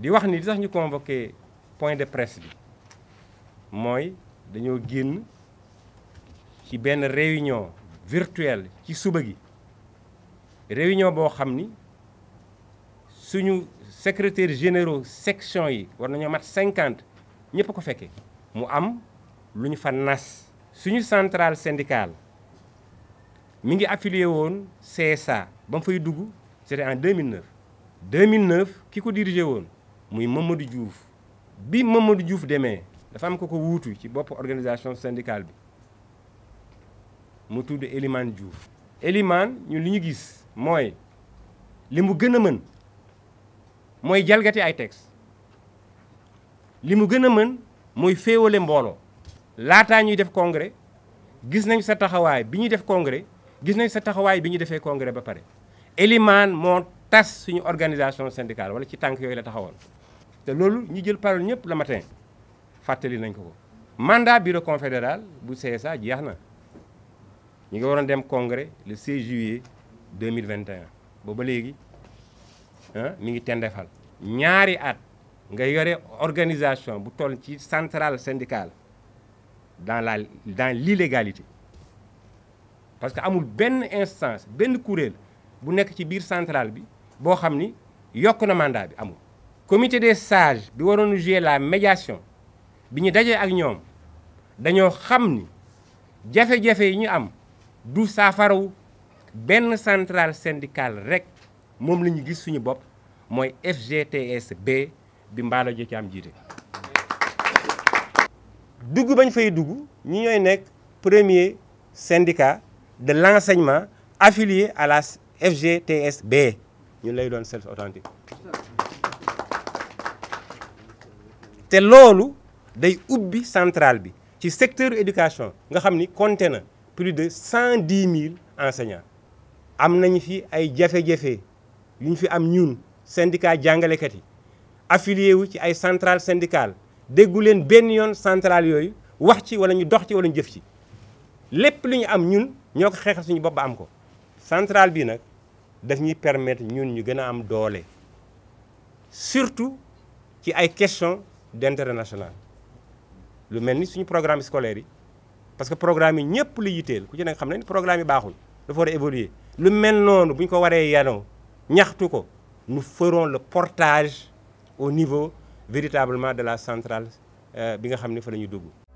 di wax ni li ñu convoqué point de presse bi moy dañoo génn ci benn réunion virtuelle ci suba gi réunion boo xam ni suñu secrétaire généraux section yi war nañoo mat 50 ñëpp ko fekkee mu am lu ñu fa nas suñu centrale syndicale mi ngi affilié woon CSA ba fay c'était en 2009 2009 qui a dirigé woon muy Mamadou Diouf bi Mamadou juuf demee dafa am ko ko wuutu ci bopp organisation syndicale bi mu tudd Elimane Diouf. Elimane ñun li ñu gis mooy li mu gën a mën mooy jalgati ay textes li mu gën a mën mooy féewale mbooloo. laataa ñuy def congrès gis nañ sa taxawaay bi ñuy def congrès gis nañ sa taxawaay bi ñu defee congrès ba pare Elimane moo tas suñu organisation syndicale wala ci tànk yooyu la taxawoon. C'est ce ñi jël parole ñëpp le matin Le nañ ko ko bureau confédéral bu ça, jeex Nous avons ngi congrès le 6 juillet 2021 Nous avons hein, mi ngi avons ñaari at organisation bu centrale syndicale dans dans l'illégalité parce que amul une instance une courriel, bu est ci biir centrale bi boo xam pas mandat bi comité des sages bi waroon jouer la médiation bi ñu dajee ak ñom dañu xam ni jafé jafé yi ñu am du safarou ben centrale syndicale rek mom la ñu gis suñu bop moy FGTS B bi mbaalo jo ci am jité dugg bañ fay dugg ñi ñoy nek premier syndicat de l'enseignement affilié à la FGTSB. B ñu lay doon self authentique te lolu day ubbi centrale bi ci secteur éducation nga xamni ni compté na plus de 110 000 enseignants am nañu fi ay jafé jafé yu ñu fi am ñun syndicat jàngalekat yi affilié wu ci ay centrale syndicale déggu len benn yon centrale yoy wax ci wala ñu dox ci wala ñu jëf ci lépp lu ñu am ñun ñoko ko suñu bopp am ko centrale bi nak daf ñi permettre ñun ñu gëna am doole surtout ci ay question d'international. national lu mel ni programme scolaire parce que programme n'est pas lu yiteel ku ci ne nga programme yi baaxul dafa war évoluer lu mel noonu bu ko ñaxtu nous ferons le portage au niveau véritablement de la centrale euh, bi nga devons fa